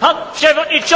Pan przewodniczący!